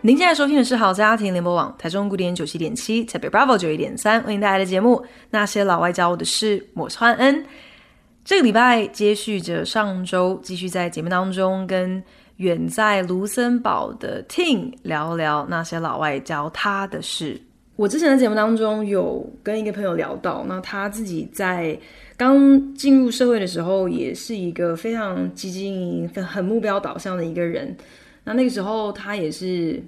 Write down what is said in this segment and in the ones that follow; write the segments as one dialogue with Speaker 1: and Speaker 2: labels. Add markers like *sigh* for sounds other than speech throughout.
Speaker 1: 您現在收聽的是好家庭聯播網，台中古典九七點七，台北 Bravo 九一點三，歡迎大家的節目。那些老外教我的事，我是煥恩。這個禮拜接續着上週，繼續在節目當中跟遠在盧森堡的 Ting 聊聊那些老外教他的事。我之前的節目當中有跟一個朋友聊到，那他自己在剛進入社會的時候，也是一個非常積極、很目標導向的一個人。那那個時候，他也是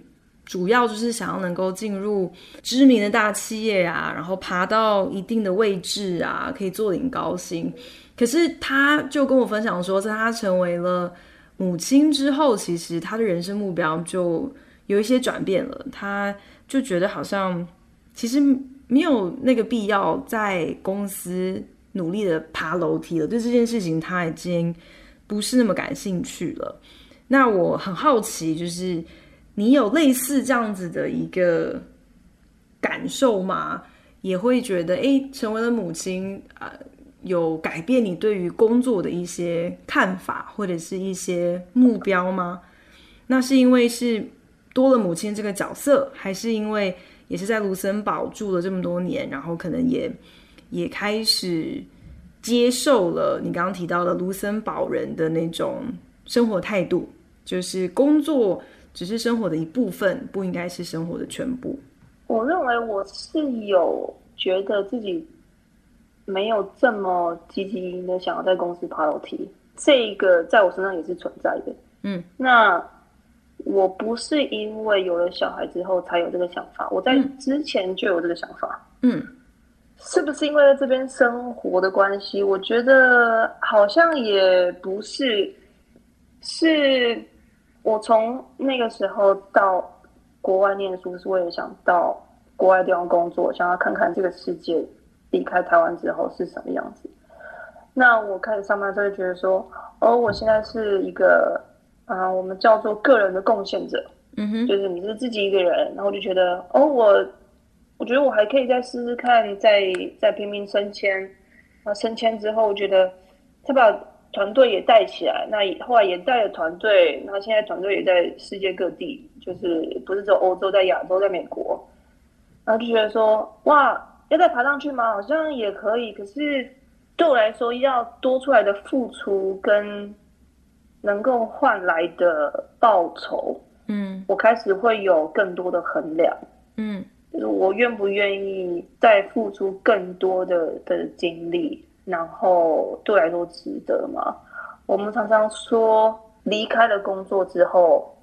Speaker 1: 主要就是想要能夠進入知名的大企業啊，然後爬到一定的位置啊，可以坐領高薪。可是，他就跟我分享說，在他成為了母親之後，其實他的人生目標就有一些轉變了。他就覺得好像其實沒有那個必要在公司努力的爬樓梯了，對這件事情他已經不是那麼感興趣了。那我很好奇，就是你有類似這樣子的一個感受嗎？也會覺得，哎、欸，成為了母親，啊、呃，有改變你對於工作的一些看法或者是一些目標嗎？那是因為是多了母親這個角色，還是因為也是在盧森堡住了這麼多年，然後可能也也開始接受了你剛剛提到的盧森堡人的那種生活態度？就是工作只是生活的一部分，不應該是生活的全部。
Speaker 2: 我認為我是有覺得自己沒有這麼積極的想要在公司爬樓梯，這個在我身上也是存在的。嗯，那我不是因為有了小孩之後才有這個想法，我在之前就有這個想法。嗯，是不是因為在這邊生活的關係？我覺得好像也不是，是。我從那個時候到國外念書，是為了想到國外地方工作，想要看看這個世界離開台灣之後是什麼樣子。那我開始上班，真的就覺得說，哦，我現在是一個啊、呃，我們叫做個人的貢獻者，嗯哼，就是你是自己一個人，然後我就覺得，哦，我我覺得我還可以再試試看，再再拼命升遷。啊，升遷之後，我覺得他把團隊也帶起來，那後來也帶了團隊，那現在團隊也在世界各地，就是不是只有歐洲，在亞洲，在美國，然後就覺得說，哇，要再爬上去嗎？好像也可以，可是對我來說，要多出來的付出跟能夠換來的報酬，嗯，我開始會有更多的衡量，嗯，就是、我願不願意再付出更多的的精力？然後，對來都值得嘛。我們常常說，離開了工作之後，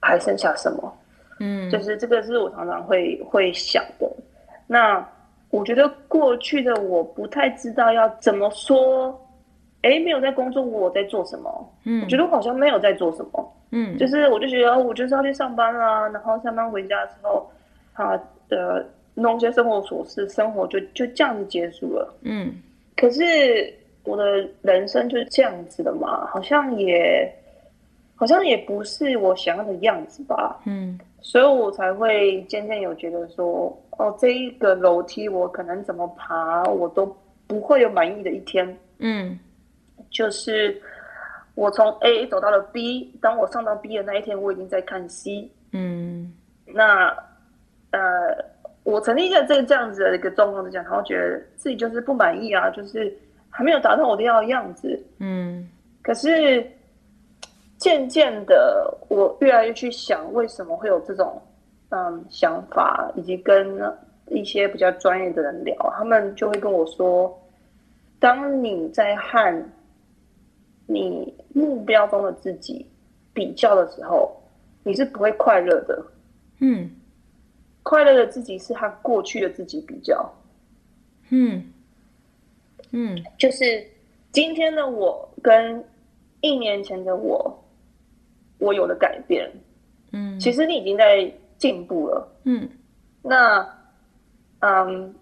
Speaker 2: 還剩下什麼？嗯，就是這個是我常常會會想的。那我覺得過去的我不太知道要怎麼說。哎，沒有在工作，我在做什麼？嗯，我覺得我好像沒有在做什麼。嗯，就是我就覺得我就是要去上班啦、啊，然後上班回家之後，他、啊、的、呃、弄些生活瑣事，生活就就這樣子結束了。嗯。可是我的人生就是這樣子的嘛，好像也好像也不是我想要的樣子吧。嗯，所以我才會漸漸有覺得說，哦，這一個樓梯我可能怎麼爬我都不會有滿意的一天。嗯，就是我從 A 走到了 B，當我上到 B 的那一天，我已經在看 C。嗯，那呃。我曾經在這個這樣子的一個狀況之下，他會覺得自己就是不滿意啊，就是還沒有達到我要的樣子。嗯，可是漸漸的，我越來越去想，為什麼會有這種嗯想法，以及跟一些比較專業的人聊，他們就會跟我說，當你在和你目標中的自己比較的時候，你是不會快樂的。嗯。快樂的自己是和過去的自己比較，嗯，嗯，就是今天的我跟一年前的我，我有了改變，嗯，其實你已經在進步了，嗯，那，嗯，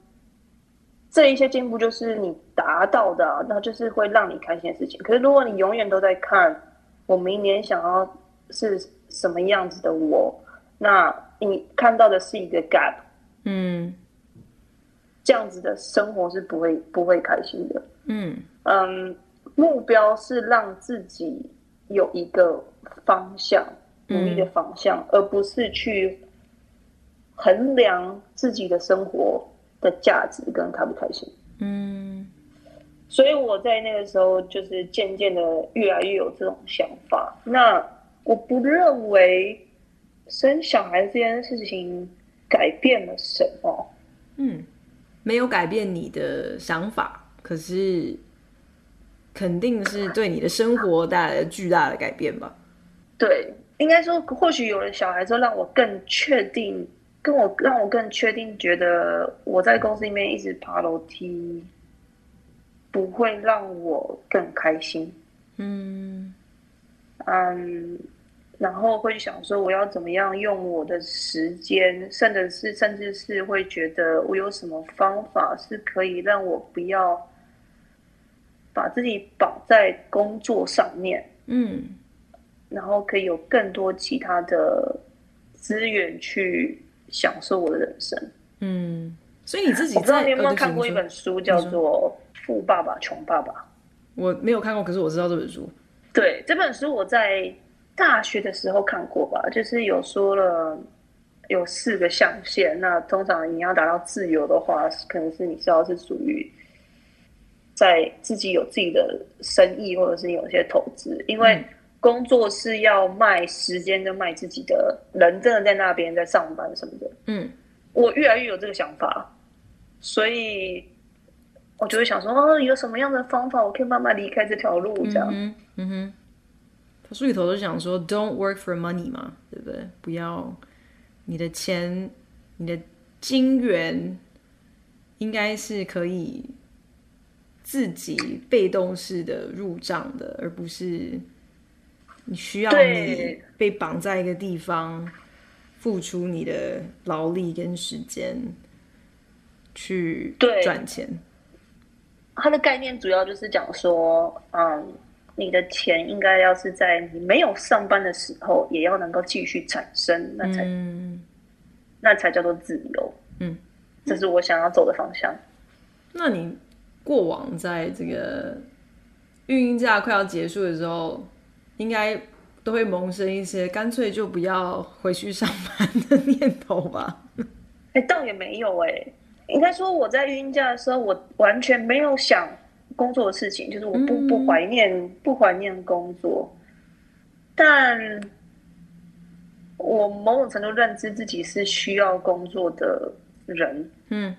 Speaker 2: 這一些進步就是你達到的，啊，那就是會讓你開心的事情。可是如果你永遠都在看我明年想要是什麼樣子的我，那。你看到的是一個 gap，嗯，這樣子的生活是不會不會開心的，嗯嗯，目標是讓自己有一個方向，嗯，努力的方向，而不是去衡量自己的生活的價值跟開不開心，嗯，所以我在那個時候就是漸漸的越來越有這種想法，那我不認為。生小孩這件事情改變了什麼？嗯，
Speaker 1: 沒有改變你的想法，可是肯定是對你的生活帶來了巨大的改變吧？啊啊、
Speaker 2: 對，應該說，或許有了小孩之後，讓我更確定，跟我讓我更確定，覺得我在公司裡面一直爬樓梯不會讓我更開心。嗯，嗯。然後會想說，我要怎麼樣用我的時間？甚至是甚至是會覺得，我有什麼方法是可以讓我不要把自己綁在工作上面？
Speaker 1: 嗯，
Speaker 2: 然後可以有更多其他的資源去享受我的人生。嗯，所以你自己，我不知道你有沒有看過一本書，哦，叫做《富爸爸窮爸爸》？
Speaker 1: 我沒有看過，可是我知道這本書。
Speaker 2: 對，這本書我在。大學的時候看過吧，就是有說了有四個象限。那通常你要達到自由的話，可能是你知道是屬於在自己有自己的生意，或者是有些投資。因為工作是要賣時間，跟賣自己的人，真、嗯、的在那邊在上班什麼的。嗯，我越來越有這個想法，所以我就會想說，哦，有什麼樣的方法，我可以慢慢離開這條路，這樣。嗯
Speaker 1: 他書裡頭就講說，Don't work for money 嘛，對不對？不要你的錢，你的金元應該是可以自己被動式的入賬的，而不是你需要你被綁在一個地方付出你的勞力跟時間去賺錢。對，
Speaker 2: 他的概念主要就是講說，嗯。你的錢應該要是在你沒有上班的時候，也要能夠繼續產生，那才、嗯、那才叫做自由。嗯，這是我想要走的方向。
Speaker 1: 嗯、那你過往在這個孕嬰假快要結束的時候，應該都會萌生一些乾脆就不要回去上班的念頭吧？哎、欸，倒也沒有哎、欸，應該說我在孕嬰
Speaker 2: 假的時候，我完全沒有想。工作的事情就是我不不懷念、嗯、不懷念工作，但我某種程度認知自己是需要工作的人。嗯，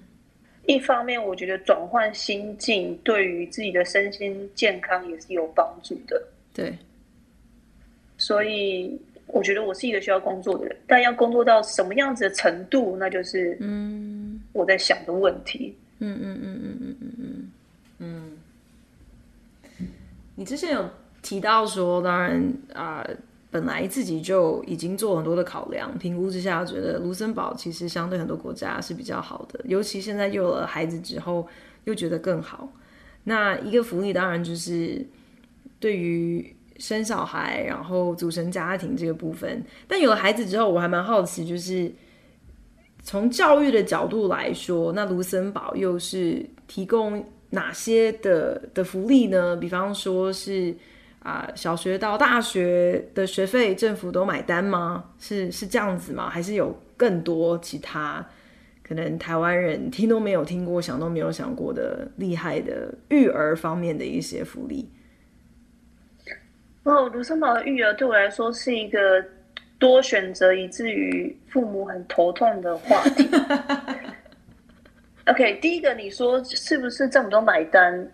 Speaker 2: 一方面我覺得轉換心境對於自己的身心健康也是有幫助的。對，所以我覺得我是一個需要工作的人，但要工作到什麼樣子的程度，那就是
Speaker 1: 嗯
Speaker 2: 我在想的問題。嗯嗯嗯嗯嗯
Speaker 1: 嗯嗯嗯。嗯嗯嗯嗯你之前有提到說，當然啊、呃，本來自己就已經做很多的考量、評估之下，覺得盧森堡其實相對很多國家是比較好的，尤其現在有了孩子之後，又覺得更好。那一個福利當然就是對於生小孩然後組成家庭這個部分，但有了孩子之後，我還蠻好奇，就是從教育的角度來說，那盧森堡又是提供哪些的的福利呢？比方說是啊、呃，小學到大學的學費，政府都買單嗎？是是這樣子嗎？還是有更多其他可能台灣人聽都沒有聽過、想都沒有想過的厲害的育兒方面的一些福利？
Speaker 2: 哦，盧森堡的育兒對我來說是一個多選擇，以至於父母很頭痛的話題。 *laughs* OK，第一個你說是不是這麼多買單？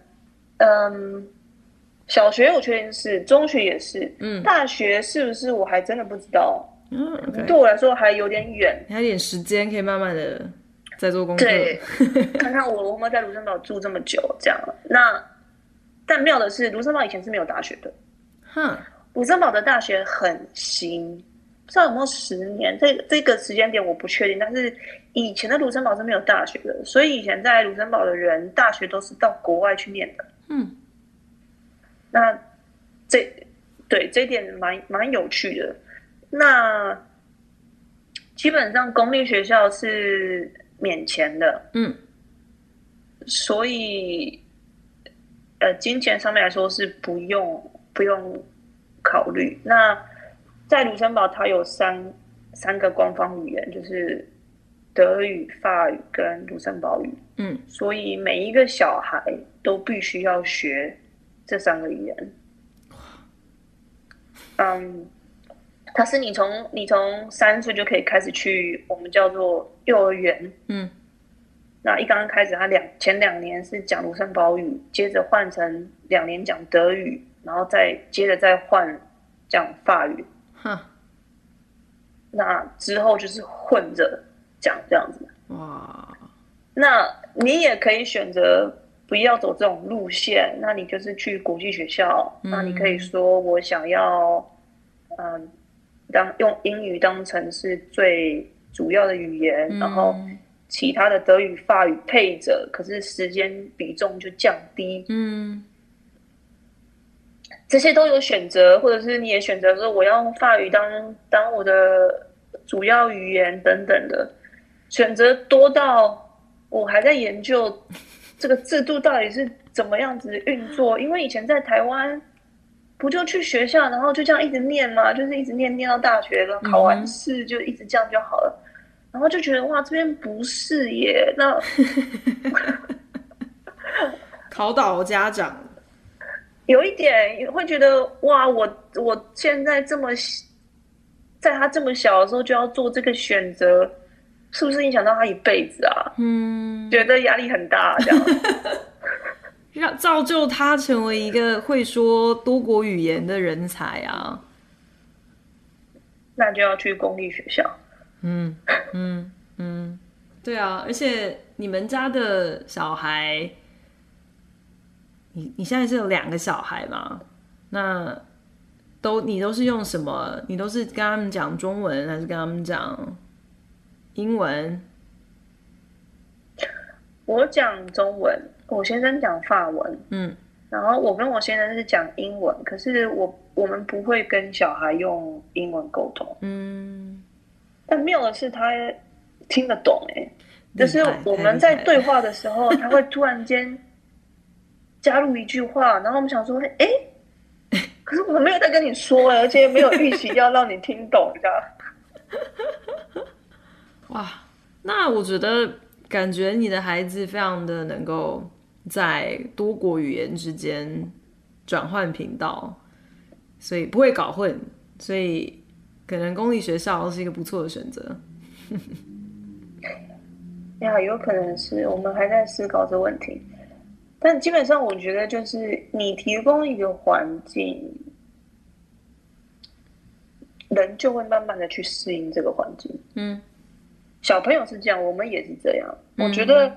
Speaker 2: 嗯、um，小學我確定是，中學也是，嗯，大學是不是我還真的不知道？嗯
Speaker 1: ，okay，
Speaker 2: 對我來說還有點遠，
Speaker 1: 還有點時間可以慢慢的在做功課，對，
Speaker 2: 看看我我們在盧森堡住這麼久這樣，那但妙的是盧森堡以前是沒有大學的，哼，盧森堡的大學很新，不知道有沒有十年，這這個時間點我不確定，但是。以前的盧森堡是沒有大學的，所以以前在盧森堡的人大學都是到國外去念的。嗯，那這對這一點蠻蠻有趣的。那基本上公立學校是免錢的。嗯，所以呃，金錢上面來說是不用不用考慮。那在盧森堡，它有三三個官方語言，就是。德語、法語跟盧森堡語。嗯，所以每一個小孩都必須要學這三個語言。嗯，可是你從你從三歲就可以開始去我們叫做幼兒園。嗯，那一剛剛開始他，他兩前兩年是講盧森堡語，接着換成兩年講德語，然後再接着再換講法語。哼，那之後就是混着，講
Speaker 1: 這
Speaker 2: 樣子哇。那你也可以選擇不要走這種路線，那你就是去國際學校，嗯，那你可以說我想要，嗯，當用英語當成是最主要的語言，嗯，然後其他的德語、法語配着，可是時間比重就降低。嗯，這些都有選擇，或者是你也選擇說我要用法語當當我的主要語言等等的。選擇多到我還在研究這個制度到底是怎麼樣子運作，因為以前在台灣不就去學校，然後就這樣一直念嘛，就是一直念念到大學了，考完試、嗯、就一直這樣就好了。然後就覺得哇，這邊不是耶，那考倒 *laughs* *laughs* 家長，有一點會覺得哇，我我現在這麼在他這麼小的時候就要做這個選擇。是不是影響到他一輩子啊？嗯，覺得壓力很大啊，這
Speaker 1: 樣讓 *laughs* 造就他成為一個會說多國語言的人才啊。那
Speaker 2: 就要去公立學校。嗯嗯
Speaker 1: 嗯，對啊。而且你們家的小孩，你你現在是有兩個小孩嗎？那都你都是用什麼？你都是跟他們講中文，還是跟他們講？英文，我講
Speaker 2: 中文，我先生講法文，嗯，然後我跟我先生是講英文，可是我我們不會跟小孩用英文溝通，嗯，但妙的是他聽得懂，哎，就是我們在對話的時候，他會突然間加入一句話， *laughs* 然後我們想說，哎、欸，可是我沒有在跟你說了，而且沒有預期要讓你聽懂， *laughs* 你知道。
Speaker 1: 哇、啊，那我覺得感覺你的孩子非常的能夠在多國語言之間轉換頻道，所以不會搞混，所以可能公立學校是一個不錯的選擇。
Speaker 2: 好、 *laughs* 啊，有可能是，我們還在思考這問題，但基本上我覺得就是你提供一個環境，人就會慢慢的去適應這個環境，嗯。小朋友是這樣，我們也是這樣。嗯、我覺得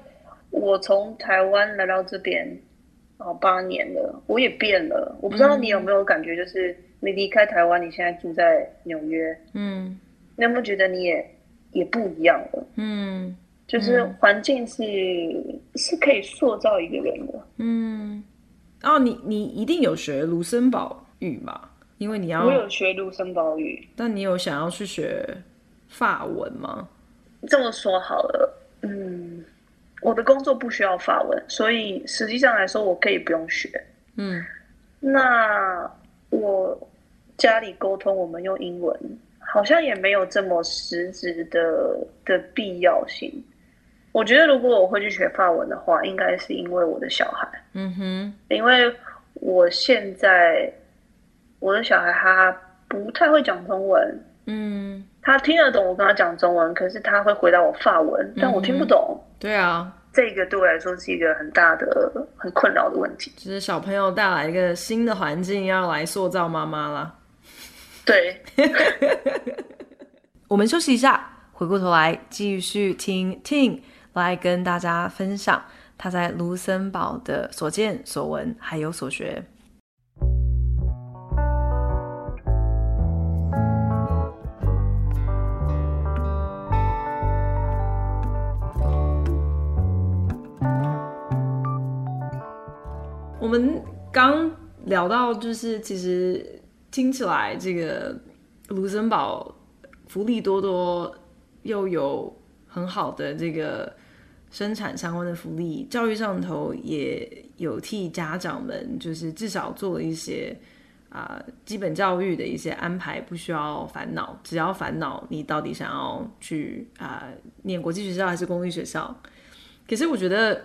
Speaker 2: 我從台灣來到這邊，哦，八年了，我也變了。我不知道你有沒有感覺，就是、嗯、你離開台灣，你現在住在紐約，嗯，你有沒有覺得你也也不一樣了？
Speaker 1: 嗯，
Speaker 2: 就是環境是、嗯、是可以
Speaker 1: 塑造一個人的。嗯，哦，你你一定有學盧森堡語吧？因為你要我有
Speaker 2: 學盧森堡語，
Speaker 1: 但你有想要去學法文嗎？
Speaker 2: 這麼說好了，
Speaker 1: 嗯，我
Speaker 2: 的工作不需要法文，所以實際上來說，我可以不用學。嗯，那我家裡溝通我們用英文，好像也沒有這麼實質的的必要性。我覺得如果我會去學法文的話，應該是因為我的小孩。嗯哼，因為我現在我的小孩他不太會講中文。嗯。他聽得懂我跟他講中文，可是他會回答我法文，但我聽不懂。嗯嗯，對啊，這個對我來說是一個
Speaker 1: 很大的、很困擾的問題。就是小朋友帶來一個新的環境，要來塑造媽媽啦。對， *laughs* *laughs* 我們休息一下，回過頭來繼續聽 Ting 來跟大家分享他在盧森堡的所見所聞還有所學。我們剛聊到，就是其實聽起來，這個盧森堡福利多多，又有很好的這個生產相關的福利，教育上頭也有替家長們，就是至少做了一些啊、呃、基本教育的一些安排，不需要煩惱，只要煩惱你到底想要去啊、呃、念國際學校還是公立學校。可是我覺得。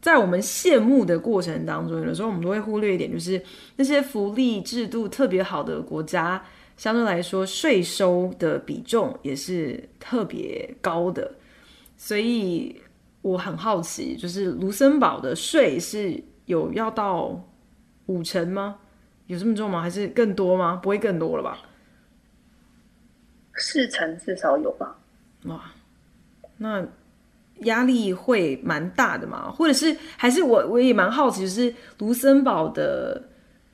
Speaker 1: 在我們羨慕的過程當中，有時候我們都會忽略一點，就是那些福利制度特別好的國家，相對來說稅收的比重也是特別高的。所以我很好奇，就是盧森堡的稅是有要到五成嗎？有這麼重嗎？還是更多嗎？不會更多了吧？
Speaker 2: 四成至少有吧？
Speaker 1: 哇，那。壓力會蠻大的嘛，或者是還是我我也蠻好奇，就是盧森堡的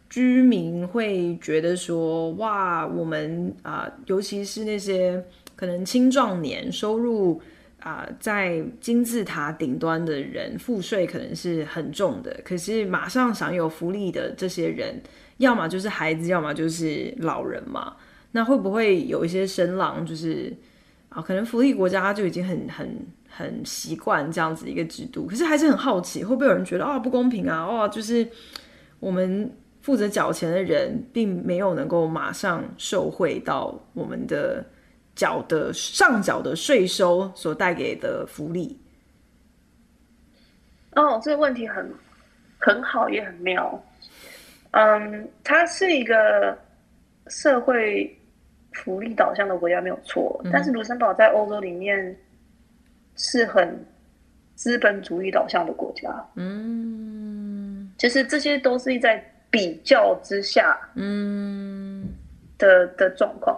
Speaker 1: 居民會覺得說，哇，我們啊、呃，尤其是那些可能青壯年收入啊、呃，在金字塔頂端的人，賦稅可能是很重的。可是馬上享有福利的這些人，要麼就是孩子，要麼就是老人嘛。那會不會有一些聲浪，就是啊、呃，可能福利國家就已經很很。很習慣這樣子一個制度，可是還是很好奇，會不會有人覺得啊、哦、不公平啊？哦，就是我們負責繳錢的人，並沒有能夠馬上受惠到我們的繳的上繳的稅收所帶給的福利。
Speaker 2: 哦，這個問題很很好，也很妙。嗯，它是一個社會福利導向的國家沒有錯。嗯，但是盧森堡在歐洲裡面。是很資本主義導向的國家，嗯，其實、就是、這些都是在比較之下，嗯的的狀況。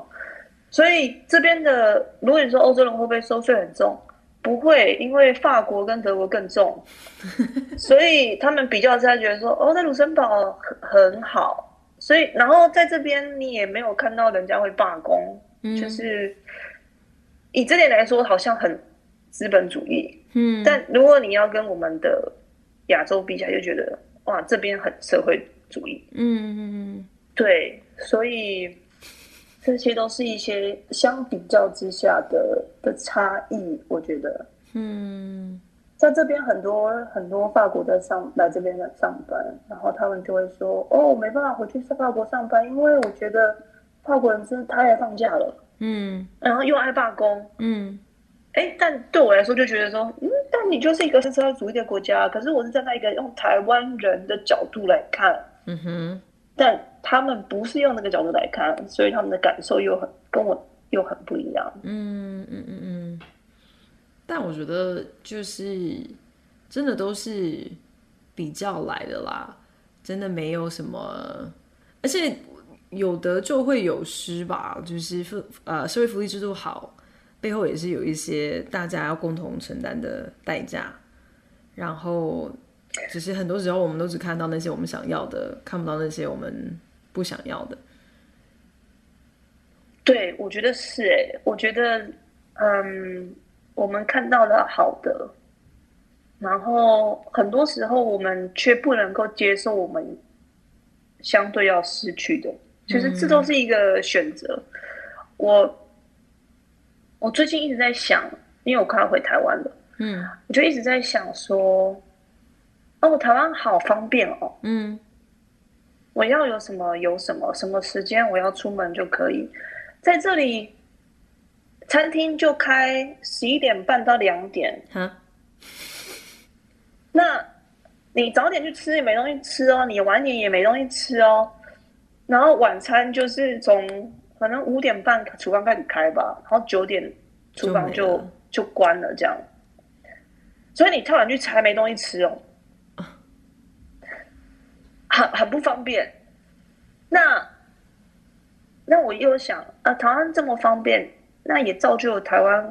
Speaker 2: 所以這邊的，如果你說歐洲人會不會收稅很重？不會，因為法國跟德國更重， *laughs* 所以他們比較之下覺得說，哦，那盧森堡很很好。所以，然後在這邊你也沒有看到人家會罷工、嗯，就是以這點來說，好像很。資本主義，嗯，但如果你要跟我們的亞洲比起來，就覺得哇，這邊很社會主義，嗯，對，所以這些都是一些相比較之下的的差異，我覺得，嗯，在這邊很多很多法國的上來這邊來上班，然後他們就會說，哦，我沒辦法回去在法國上班，因為我覺得法國人真的太愛放假了，嗯，然後又愛罷工，嗯。哎，但對我來說就覺得說，嗯，但你就是一個是社會主義的國家，可是我是站在一個用台灣人的角度來看，嗯哼，但他們不是用那個角度來看，所以他們的感受又很跟我又很不一樣。嗯嗯嗯
Speaker 1: 嗯，但我覺得就是真的都是比較來的啦，真的沒有什麼，而且有得就會有失吧，就是社呃社會福利制度好，背後也是有一些大家要共同承擔的代價，然後只是很多時候我們都只看到那些我們想要的，看不到那些我們不想要的。
Speaker 2: 對，我覺得是誒、欸，我覺得嗯，我們看到了好的，然後很多時候我們卻不能夠接受我們相對要失去的，其實，嗯，就是這都是一個選擇。我。我最近一直在想，因為我快要回台灣了，嗯，我就一直在想說，哦，台灣好方便哦，嗯，我要有什麼有什麼，什麼時間我要出門就可以，在這裡，餐廳就開十一點半到兩點，哈、嗯，那你早點去吃也沒東西吃哦，你晚點也沒東西吃哦，然後晚餐就是從。可能五點半廚房開始開吧，然後九點廚房就就，就關了這樣，所以你跳完去才沒東西吃哦，很很不方便。那那我又想啊，台灣這麼方便，那也造就台灣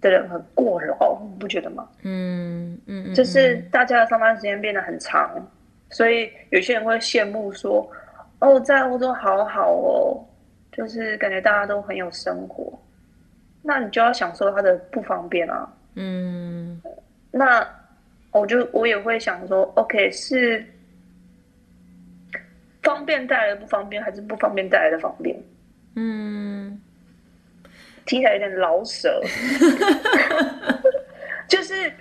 Speaker 2: 的人很過勞，你不覺得嗎？嗯嗯，嗯嗯，就是大家的上班時間變得很長，所以有些人會羨慕說，哦，在歐洲好好哦。就是感覺大家都很有生活，那你就要享受它的不方便啊。嗯，那我就我也會想說，OK，是方便帶來的不方便，還是不方便帶來的方便？嗯，聽起來有點老舍。 *laughs* 就是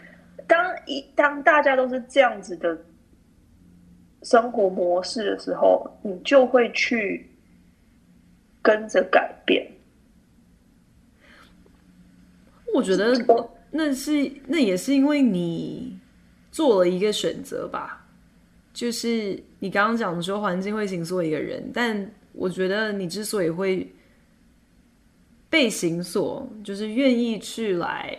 Speaker 2: 當一當大家都是這樣子的生活模式的時候，你就會去。
Speaker 1: 跟着改變，我覺得那是那也是因為你做了一個選擇吧，就是你剛剛講說環境會形塑一個人，但我覺得你之所以會被形塑，就是願意去來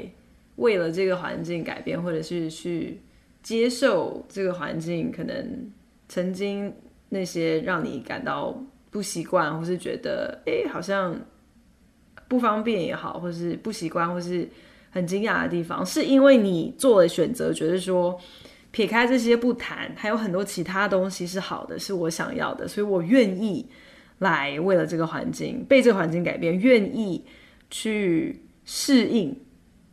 Speaker 1: 為了這個環境改變，或者是去接受這個環境，可能曾經那些讓你感到。不習慣，或是覺得哎、欸，好像不方便也好，或是不習慣，或是很驚訝的地方，是因為你做了選擇，覺得說撇開這些不談，還有很多其他東西是好的，是我想要的，所以我願意來為了這個環境被這個環境改變，願意去適應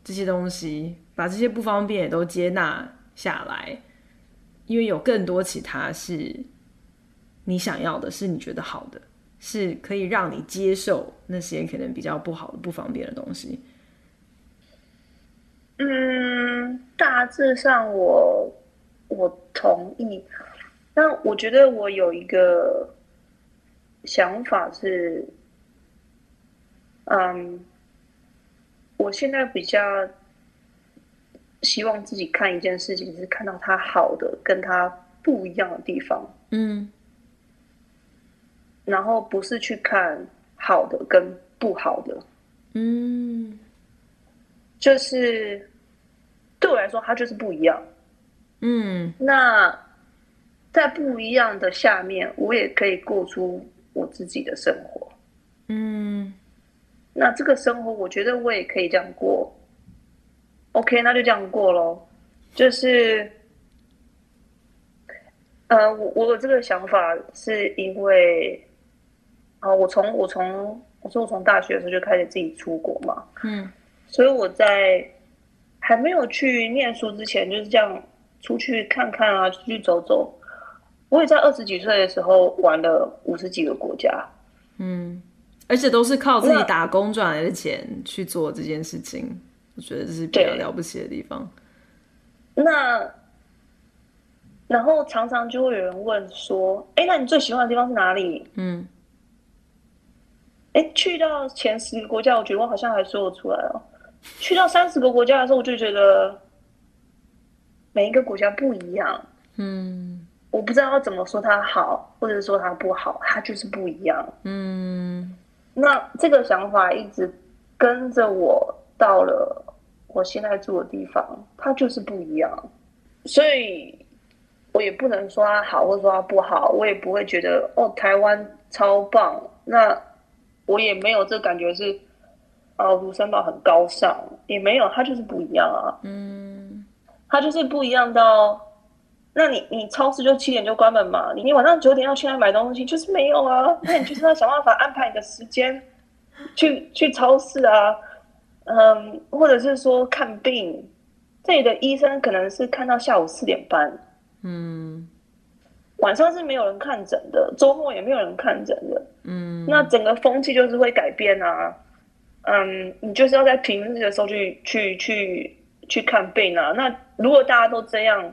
Speaker 1: 這些東西，把這些不方便也都接納下來，因為有更多其他是。你想要的是你覺得好的，是可以讓你接受那些可能比較不好的、不方便的東西。
Speaker 2: 嗯，大致上我我同意，但我覺得我有一個想法是，嗯，我現在比較希望自己看一件事情是看到它好的，跟它不一樣的地方。嗯。然後不是去看好的跟不好的，嗯，就是對我來說，它就是不一樣，嗯。那在不一樣的下面，我也可以過出我自己的生活，嗯。那這個生活，我覺得我也可以這樣過，OK，那就這樣過咯就是，呃，我我有這個想法是因為。啊，我從我從我說，我從大學的時候就開始自己出國嘛，嗯，所以我在還沒有去念書之前，就是這樣出去看看啊，出去走走。我也在二十幾歲的時候玩了五十幾個國
Speaker 1: 家，嗯，而且都是靠自己打工賺來的錢去做這件事情，我覺得這是比較了不起的地方。
Speaker 2: 那然後常常就會有人問說，欸，那你最喜歡的地方是哪裡？嗯。哎，去到前十個國家，我覺得我好像還說得出來哦。去到三十個國家的時候，我就覺得每一個國家不一樣。嗯，我不知道要怎麼說它好，或者是說它不好，它就是不一樣。嗯，那這個想法一直跟着我到了我現在住的地方，它就是不一樣。所以我也不能說它好，或者說它不好，我也不會覺得哦，台灣超棒。那我也沒有這感覺是，啊，盧森堡很高尚，也沒有，他就是不一樣啊。嗯，他就是不一樣到、哦，那你你超市就七點就關門嘛，你你晚上九點要去那買東西就是沒有啊，那你就是要想辦法安排你的時間， *laughs* 去去超市啊，嗯，或者是說看病，這裡的醫生可能是看到下午四點半，嗯，晚上是沒有人看診的，周末也沒有人看診的。嗯，那整個風氣就是會改變啊。嗯，你就是要在平日的時候去去去去看病啊。那如果大家都這樣，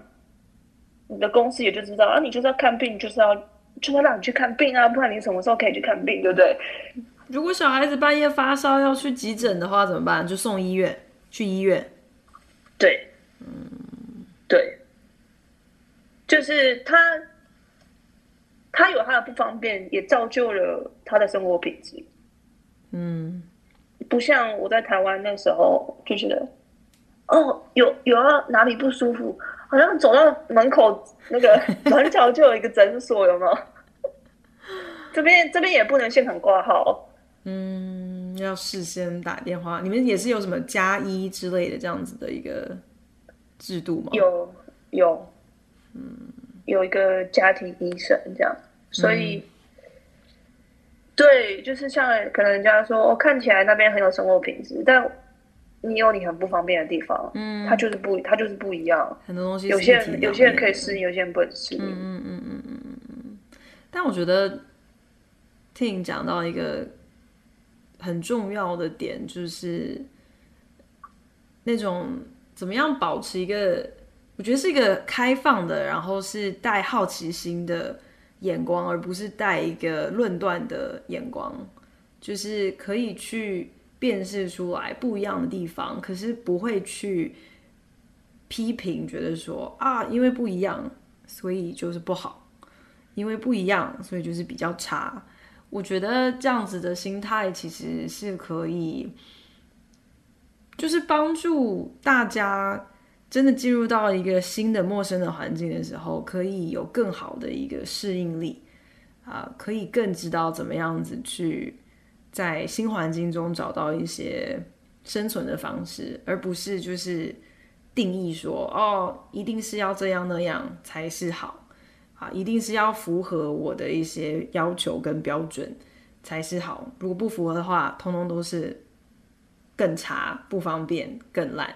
Speaker 2: 你的公司也就知道啊。你就是要看病，就是要，就是要讓你去看病啊。不然你什麼時候可以
Speaker 1: 去看病，對不對？如果小孩子半夜發燒要去急診的話，怎麼辦？就送醫院，去醫院。
Speaker 2: 對，嗯，
Speaker 1: 對，
Speaker 2: 就是他。不方便，也造就了他的生活品質。嗯，不像我在台灣那時候就覺得，哦，有有啊，哪裡不舒服？好像走到門口那個門角就有一個診所有有，有 *laughs* 嗎？這邊這邊也不能現場掛號。嗯，
Speaker 1: 要事先打電話。你們也是有什麼家醫之類的這樣子的一個制度嗎？有有，嗯，有一個家庭醫生這樣。
Speaker 2: 所以、嗯，對，就是像可能人家說，我、哦、看起來那邊很有生活品質，但你有你很不方便的地方，嗯，它就是不，他就是不一樣，
Speaker 1: 很多東西有些人，有些人可以適應，有些人不能適應，嗯嗯嗯嗯嗯嗯嗯。但我覺得聽你講到一個很重要的點，就是那種怎麼樣保持一個，我覺得是一個開放的，然後是帶好奇心的眼光，而不是帶一個論斷的眼光，就是可以去辨識出來不一樣的地方，可是不會去批評，覺得說啊，因為不一樣，所以就是不好，因為不一樣，所以就是比較差。我覺得這樣子的心態其實是可以，就是幫助大家，真的進入到一個新的陌生的環境的時候，可以有更好的一個適應力，啊，可以更知道怎麼樣子去在新環境中找到一些生存的方式，而不是就是定義說，哦，一定是要這樣那樣才是好，啊，一定是要符合我的一些要求跟標準才是好，如果不符合的話，通通都是更差、不方便、更爛。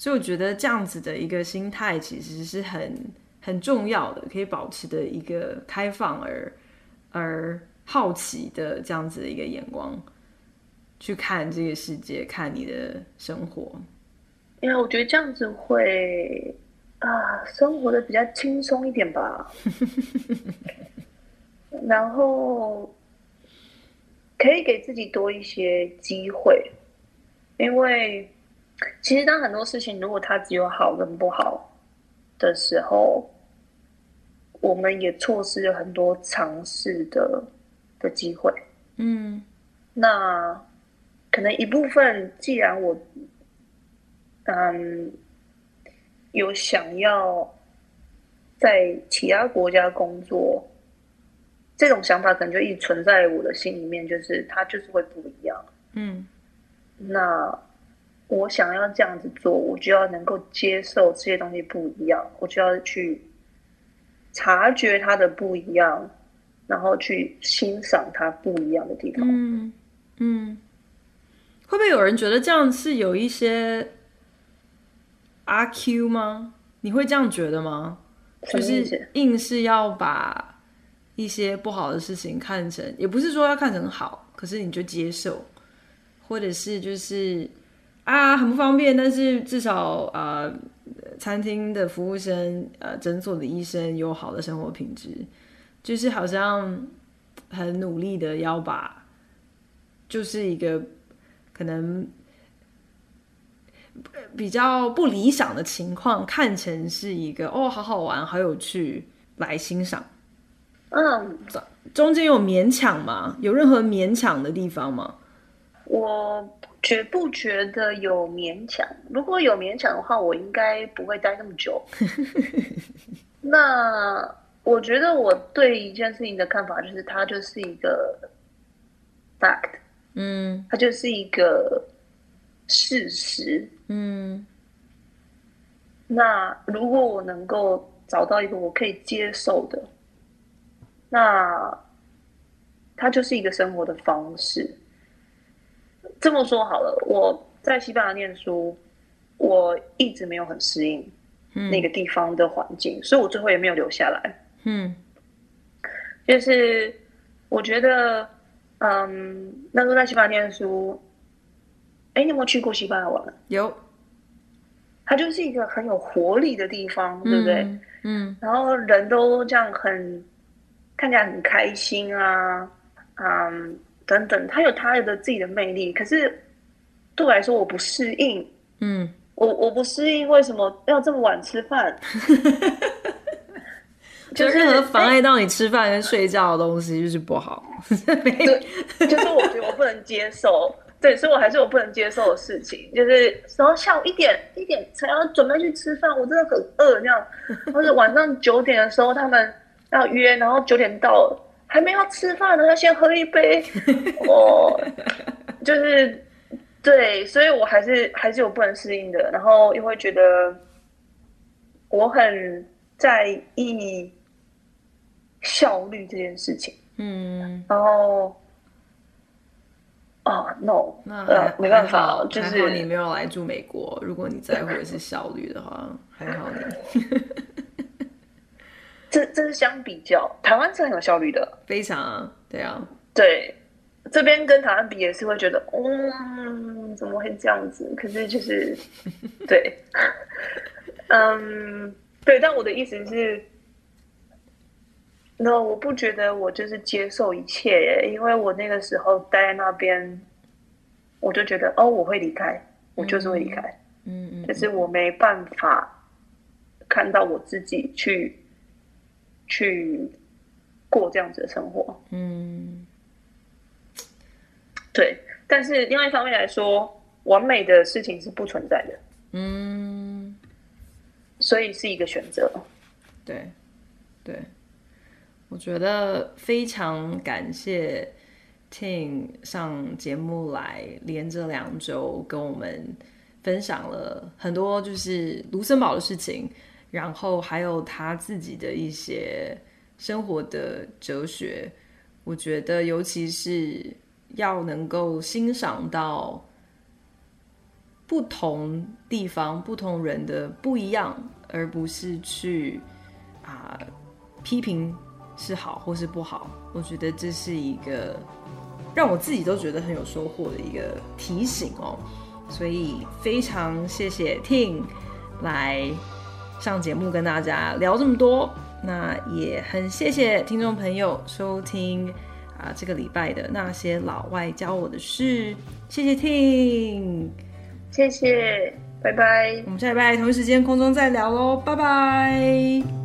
Speaker 1: 所以我覺得這樣子的一個心態其實是很很重要的，可以保持的一個開放而而好奇的這樣子的一個眼光，去看這個世界，看你的生活。
Speaker 2: 因為、欸、我覺得這樣子會啊，生活的比較輕鬆一點吧。 *laughs* 然後可以給自己多一些機會，因為。其實，當很多事情如果它只有好跟不好的時候，我們也錯失了很多嘗試的的機會。嗯，那可能一部分，既然我嗯有想要在其他國家工作，這種想法可能就一直存在我的心裡面，就是它就是會不一樣。嗯，那。我想要這樣子做，我就要能夠接受這些東西不一樣，我就要去察覺它的不一樣，然後去欣賞它不一樣的地方。嗯嗯，
Speaker 1: 會不會有人覺得這樣是有一些阿 Q 嗎？你會這樣覺得嗎？
Speaker 2: 就是
Speaker 1: 硬是要把一些不好的事情看成，也不是說要看成好，可是你就接受，或者是就是。啊，很不方便，但是至少呃，餐廳的服務生、呃、診所的醫生有好的生活品質，就是好像很努力的要把就是一個可能比較不理想的情況看成是一個哦！好好玩，好有趣來欣賞。嗯，中間有勉強嗎？有任何勉強的地方嗎？
Speaker 2: 我、嗯。覺不覺得有勉強？如果有勉強的話，我應該不會待那麼久。 *laughs* 那我覺得我對一件事情的看法就是，它就是一個 fact，嗯，它就是一個事實，嗯。那如果我能夠找到一個我可以接受的，那它就是一個生活的方式。這麼說好了，我在西班牙念書，我一直沒有很適應那個地方的環境，嗯，所以我最後也沒有留下來。嗯，就是我覺得，嗯，那時候在西班牙念書，哎、欸，你有沒有去過西班牙玩？有，它就是一個很有活力的地方，嗯、對不對？嗯，然後人都這樣很看起來很開心啊，嗯。等等，他有他的自己的魅力，可是對我來說，我不適應。
Speaker 1: 嗯，
Speaker 2: 我我不適應，為什麼要這麼晚吃飯？
Speaker 1: *laughs* 就是、就任何妨礙到你吃飯跟睡覺的東西就是不好、
Speaker 2: 欸 *laughs* 對。就是我覺得我不能接受。對，所以我還是我不能接受的事情，就是然後下午一點一點才要準備去吃飯，我真的很餓那樣。或者晚上九點的時候他們要約，然後九點到了。還沒要吃飯呢，要先喝一杯哦， *laughs* 就是對，所以我還是還是有不能適應的，然後又會覺得我很在意你效率這件事情，嗯，然後哦、uh,
Speaker 1: no 那，呃、沒辦法，就是你沒有來住美國，嗯，如果你在乎的是效率的話，還好呢。 *laughs* 這這是相比較，台灣是很有效率的，非常啊對啊，對，
Speaker 2: 這邊跟台灣比也是會覺得，嗯，怎麼會這樣子？可是就是對，嗯、 *laughs* um,，對，但我的意思是，那、no, 我不覺得我就是接受一切耶，因為我那個時候待在那邊，我就覺得哦，我會離開，我就是會離開，嗯,嗯，但是我沒辦法看到我自己去。去過這樣子的生活，嗯，對，但是另外一方面來說，完美的事情是不存在的，嗯，所以是一個選擇，
Speaker 1: 對，對，我覺得非常感謝 Ting 上節目來，連着兩週跟我們分享了很多，就是盧森堡的事情。然後還有她自己的一些生活的哲學，我覺得，尤其是要能夠欣賞到不同地方、不同人的不一樣，而不是去啊、呃、批評是好或是不好。我覺得這是一個讓我自己都覺得很有收穫的一個提醒哦，所以非常謝謝 Ting 來。上節目跟大家聊這麼多，那也很謝謝聽眾朋友收聽啊，這個禮拜的那些老外教我的事，謝謝 Ting，謝謝，拜拜，我們下禮拜同一時間空中再聊咯，拜拜。